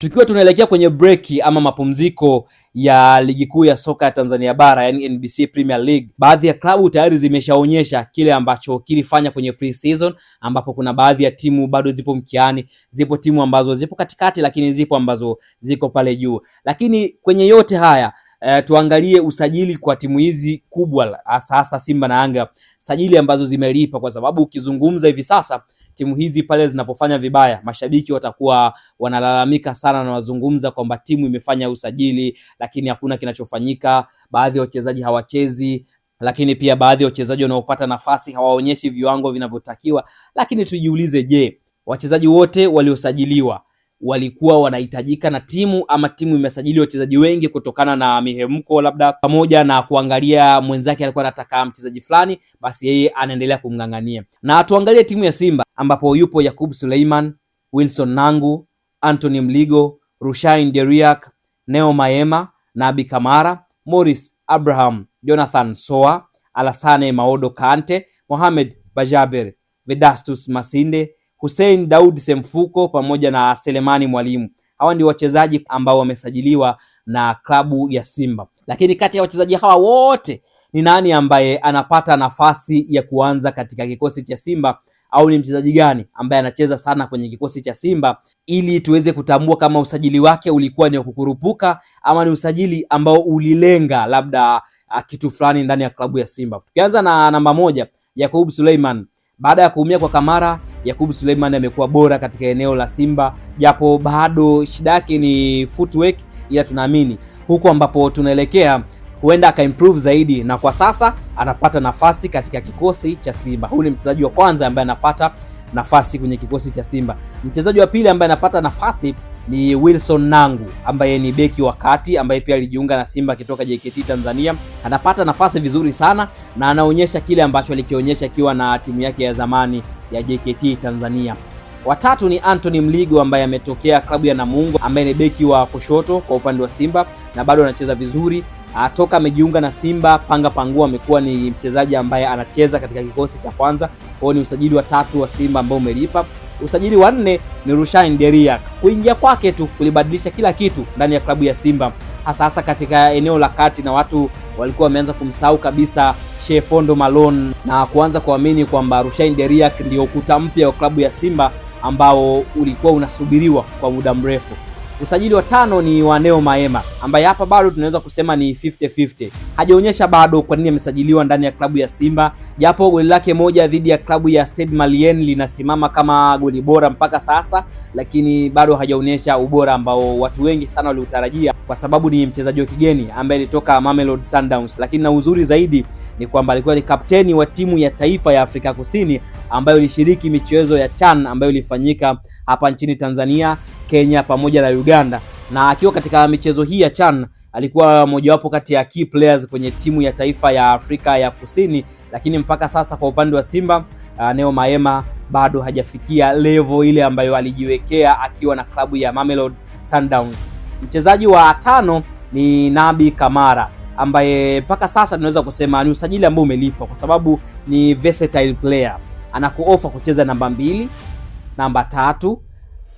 Tukiwa tunaelekea kwenye breki ama mapumziko ya ligi kuu ya soka ya Tanzania bara yani NBC Premier League, baadhi ya klabu tayari zimeshaonyesha kile ambacho kilifanya kwenye pre-season, ambapo kuna baadhi ya timu bado zipo mkiani, zipo timu ambazo zipo katikati, lakini zipo ambazo ziko pale juu. Lakini kwenye yote haya E, tuangalie usajili kwa timu hizi kubwa hasa Simba na Yanga, sajili ambazo zimelipa, kwa sababu ukizungumza hivi sasa timu hizi pale zinapofanya vibaya, mashabiki watakuwa wanalalamika sana na wazungumza kwamba timu imefanya usajili lakini hakuna kinachofanyika, baadhi ya wachezaji hawachezi lakini pia baadhi ya wachezaji wanaopata nafasi hawaonyeshi viwango vinavyotakiwa. Lakini tujiulize, je, wachezaji wote waliosajiliwa walikuwa wanahitajika na timu ama timu imesajili wachezaji wengi kutokana na mihemko labda, pamoja na kuangalia mwenzake alikuwa anataka mchezaji fulani, basi yeye anaendelea kumng'ang'ania. Na tuangalie timu ya Simba ambapo yupo Yakub Suleiman, Wilson Nangu, Anthony Mligo, Rushain Deriak, Neo Maema, Nabi Kamara, Morris Abraham, Jonathan Soa, Alasane Maodo Kante, Mohamed Bajaber, Vedastus Masinde Hussein Daud Semfuko pamoja na Selemani Mwalimu. Hawa ndio wachezaji ambao wamesajiliwa na klabu ya Simba, lakini kati ya wachezaji hawa wote ni nani ambaye anapata nafasi ya kuanza katika kikosi cha Simba au ni mchezaji gani ambaye anacheza sana kwenye kikosi cha Simba ili tuweze kutambua kama usajili wake ulikuwa ni wa kukurupuka ama ni usajili ambao ulilenga labda uh, kitu fulani ndani ya klabu ya Simba. Tukianza na namba moja, Yakub Suleiman baada ya kuumia kwa Kamara, Yakubu Suleiman amekuwa bora katika eneo la Simba, japo bado shida yake ni footwork, ila tunaamini huko ambapo tunaelekea huenda akaimprove zaidi, na kwa sasa anapata nafasi katika kikosi cha Simba. Huyu ni mchezaji wa kwanza ambaye anapata nafasi kwenye kikosi cha Simba. Mchezaji wa pili ambaye anapata nafasi ni Wilson Nangu ambaye ni beki wa kati ambaye pia alijiunga na Simba akitoka JKT Tanzania. Anapata nafasi vizuri sana na anaonyesha kile ambacho alikionyesha akiwa na timu yake ya zamani ya JKT Tanzania. Watatu ni Anthony Mligo ambaye ametokea klabu ya Namungo ambaye ni beki wa kushoto kwa upande wa Simba na bado anacheza vizuri. Ah, toka amejiunga na Simba panga pangua, amekuwa ni mchezaji ambaye anacheza katika kikosi cha kwanza. Kwao ni usajili wa tatu wa Simba ambao umelipa. Usajili wa nne ni Rushain Deriak. Kuingia kwake tu kulibadilisha kila kitu ndani ya klabu ya Simba, hasa hasa katika eneo la kati, na watu walikuwa wameanza kumsahau kabisa Shefondo Malone na kuanza kuamini kwamba Rushain Deriak ndio ukuta mpya wa klabu ya Simba ambao ulikuwa unasubiriwa kwa muda mrefu. Usajili wa tano ni wa Neo Maema ambaye hapa bado tunaweza kusema ni 50-50. Hajaonyesha bado kwa nini amesajiliwa ndani ya klabu ya Simba, japo goli lake moja dhidi ya klabu ya Stade Malien linasimama kama goli bora mpaka sasa, lakini bado hajaonyesha ubora ambao watu wengi sana waliutarajia, kwa sababu ni mchezaji wa kigeni ambaye alitoka Mamelodi Sundowns. Lakini na uzuri zaidi ni kwamba alikuwa ni kapteni wa timu ya taifa ya Afrika Kusini ambayo ilishiriki michezo ya CHAN ambayo ilifanyika hapa nchini Tanzania Kenya pamoja na Uganda, na akiwa katika michezo hii ya CHAN alikuwa mojawapo kati ya key players kwenye timu ya taifa ya Afrika ya Kusini, lakini mpaka sasa kwa upande wa Simba uh, Neo Maema bado hajafikia level ile ambayo alijiwekea akiwa na klabu ya Mamelodi Sundowns. Mchezaji wa tano ni Nabi Kamara ambaye mpaka sasa tunaweza kusema ni usajili ambao umelipa kwa sababu ni versatile player, anakuofa kucheza namba mbili, namba tatu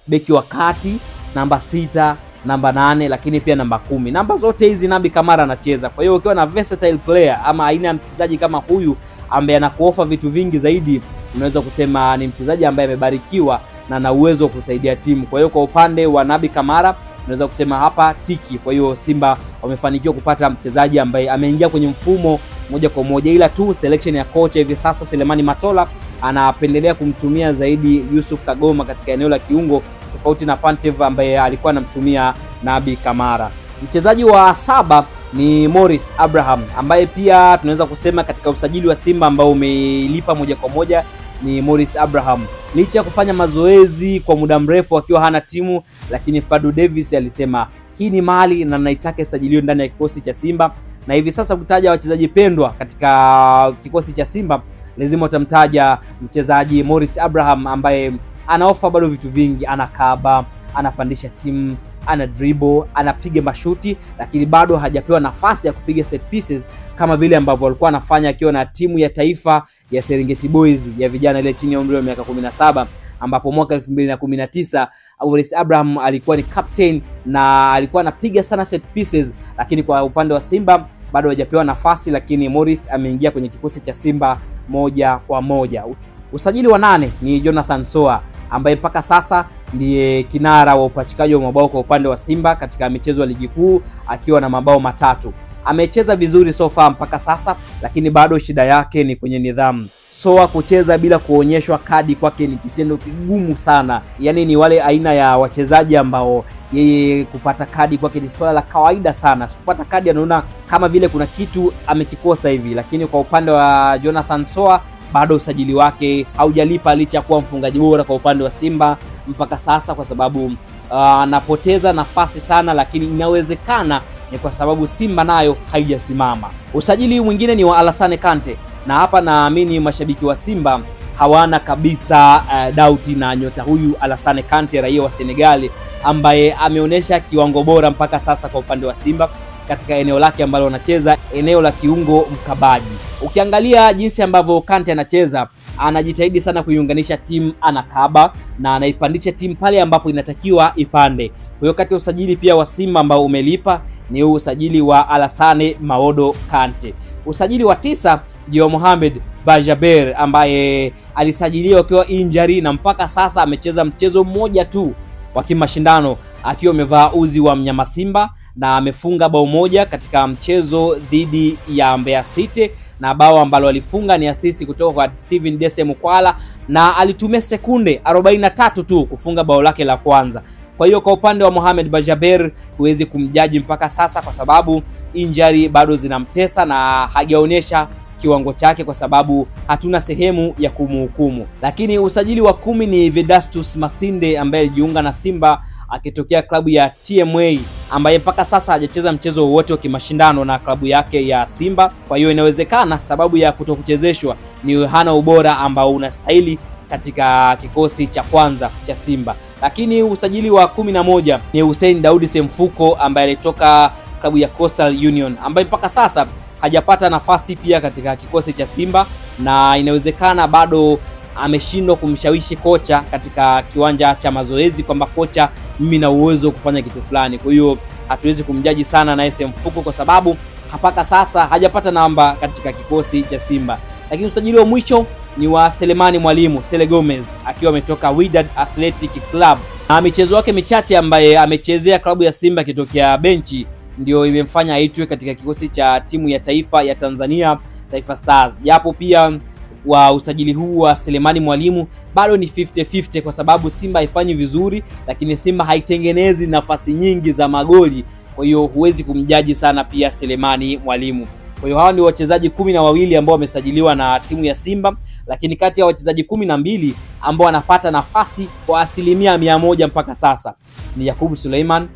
beki wa kati, namba sita, namba nane, lakini pia namba kumi. Namba zote hizi Nabi Kamara anacheza. Kwa hiyo ukiwa na versatile player ama aina ya mchezaji kama huyu ambaye anakuofa vitu vingi zaidi, unaweza kusema ni mchezaji ambaye amebarikiwa na ana uwezo wa kusaidia timu. Kwa hiyo kwa upande wa Nabi Kamara unaweza kusema hapa tiki. Kwa hiyo Simba wamefanikiwa kupata mchezaji ambaye ameingia kwenye mfumo moja kwa moja, ila tu selection ya kocha hivi sasa Selemani Matola anapendelea kumtumia zaidi Yusuf Kagoma katika eneo la kiungo tofauti na Pantev ambaye alikuwa anamtumia Nabi Kamara. Mchezaji wa saba ni Morris Abraham ambaye pia tunaweza kusema katika usajili wa Simba ambao umeilipa moja kwa moja ni Morris Abraham. Licha ya kufanya mazoezi kwa muda mrefu akiwa hana timu, lakini Fadu Davis alisema hii ni mali na naitaka isajiliwe ndani ya kikosi cha Simba na hivi sasa kutaja wachezaji pendwa katika kikosi cha Simba lazima utamtaja mchezaji Morris Abraham ambaye anaofa bado vitu vingi, anakaba, anapandisha timu, ana dribble, anapiga mashuti, lakini bado hajapewa nafasi ya kupiga set pieces kama vile ambavyo alikuwa anafanya akiwa na timu ya taifa ya Serengeti Boys ya vijana ile chini ya umri wa miaka 17 ambapo mwaka 2019 Wallace uh, Abraham alikuwa ni captain na alikuwa anapiga sana set pieces, lakini kwa upande wa Simba bado hajapewa nafasi, lakini Morris ameingia kwenye kikosi cha Simba moja kwa moja. Usajili wa nane ni Jonathan Soa ambaye mpaka sasa ndiye kinara wa upachikaji wa mabao kwa upande wa Simba katika michezo ya ligi kuu akiwa na mabao matatu amecheza vizuri so far mpaka sasa, lakini bado shida yake ni kwenye nidhamu. Soa kucheza bila kuonyeshwa kadi kwake ni kitendo kigumu sana, yaani ni wale aina ya wachezaji ambao yeye kupata kadi kwake ni swala la kawaida sana. Kupata kadi anaona kama vile kuna kitu amekikosa hivi, lakini kwa upande wa Jonathan Soa bado usajili wake haujalipa licha ya kuwa mfungaji bora kwa upande wa Simba mpaka sasa, kwa sababu uh, anapoteza uh, nafasi sana, lakini inawezekana ni kwa sababu Simba nayo haijasimama. Usajili mwingine ni wa Alassane Kante, na hapa naamini mashabiki wa Simba hawana kabisa uh, eh, dauti na nyota huyu Alassane Kante, raia wa Senegali ambaye ameonyesha kiwango bora mpaka sasa kwa upande wa Simba katika eneo lake ambalo anacheza eneo la kiungo mkabaji. Ukiangalia jinsi ambavyo Kante anacheza anajitahidi sana kuiunganisha timu anakaba na anaipandisha timu pale ambapo inatakiwa ipande. Kwa hiyo kati ya usajili pia wa Simba ambao umelipa ni huu usajili wa Alassane Maodo Kante. Usajili wa tisa ndio Mohamed Bajaber ambaye alisajiliwa akiwa injury na mpaka sasa amecheza mchezo mmoja tu wa kimashindano akiwa amevaa uzi wa mnyama Simba na amefunga bao moja katika mchezo dhidi ya Mbeya City na bao ambalo alifunga ni asisi kutoka kwa Steven Dese Mukwala na alitumia sekunde 43 tu kufunga bao lake la kwanza. Kwa hiyo kwa upande wa Mohamed Bajaber huwezi kumjaji mpaka sasa, kwa sababu injury bado zinamtesa na hajaonyesha kiwango chake, kwa sababu hatuna sehemu ya kumhukumu. Lakini usajili wa kumi ni Vedastus Masinde ambaye alijiunga na Simba akitokea klabu ya TMA ambaye mpaka sasa hajacheza mchezo wowote wa kimashindano na klabu yake ya Simba. Kwa hiyo inawezekana sababu ya kutokuchezeshwa ni hana ubora ambao unastahili katika kikosi cha kwanza cha Simba. Lakini usajili wa kumi na moja ni Hussein Daudi Semfuko ambaye alitoka klabu ya Coastal Union ambaye mpaka sasa hajapata nafasi pia katika kikosi cha Simba na inawezekana bado ameshindwa kumshawishi kocha katika kiwanja cha mazoezi kwamba kocha, mimi na uwezo wa kufanya kitu fulani. Kwa hiyo hatuwezi kumjaji sana na SM Mfuko kwa sababu mpaka sasa hajapata namba katika kikosi cha Simba. Lakini usajili wa mwisho ni wa Selemani Mwalimu Sele Gomez akiwa ametoka Wydad Athletic Club na michezo yake michache ambaye amechezea klabu ya Simba akitokea benchi ndio imemfanya aitwe katika kikosi cha timu ya taifa ya Tanzania Taifa Stars, japo pia wa usajili huu wa Selemani Mwalimu bado ni 50-50 kwa sababu Simba haifanyi vizuri, lakini Simba haitengenezi nafasi nyingi za magoli, kwa hiyo huwezi kumjaji sana pia Selemani Mwalimu. Kwa hiyo hawa ni wachezaji kumi na wawili ambao wamesajiliwa na timu ya Simba, lakini kati ya wachezaji kumi na mbili ambao wanapata nafasi kwa asilimia mia moja mpaka sasa ni Yakubu Suleiman,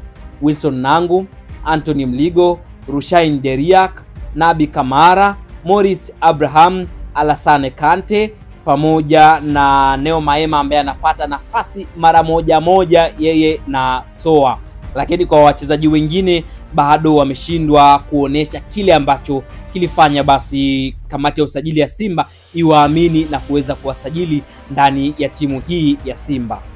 Wilson Nangu Anthony Mligo, Rushain Deriak, Nabi Kamara, Morris Abraham, alassane Kante pamoja na Neo Maema ambaye anapata nafasi mara moja moja yeye na Soa, lakini kwa wachezaji wengine bado wameshindwa kuonesha kile ambacho kilifanya basi kamati ya usajili ya Simba iwaamini na kuweza kuwasajili ndani ya timu hii ya Simba.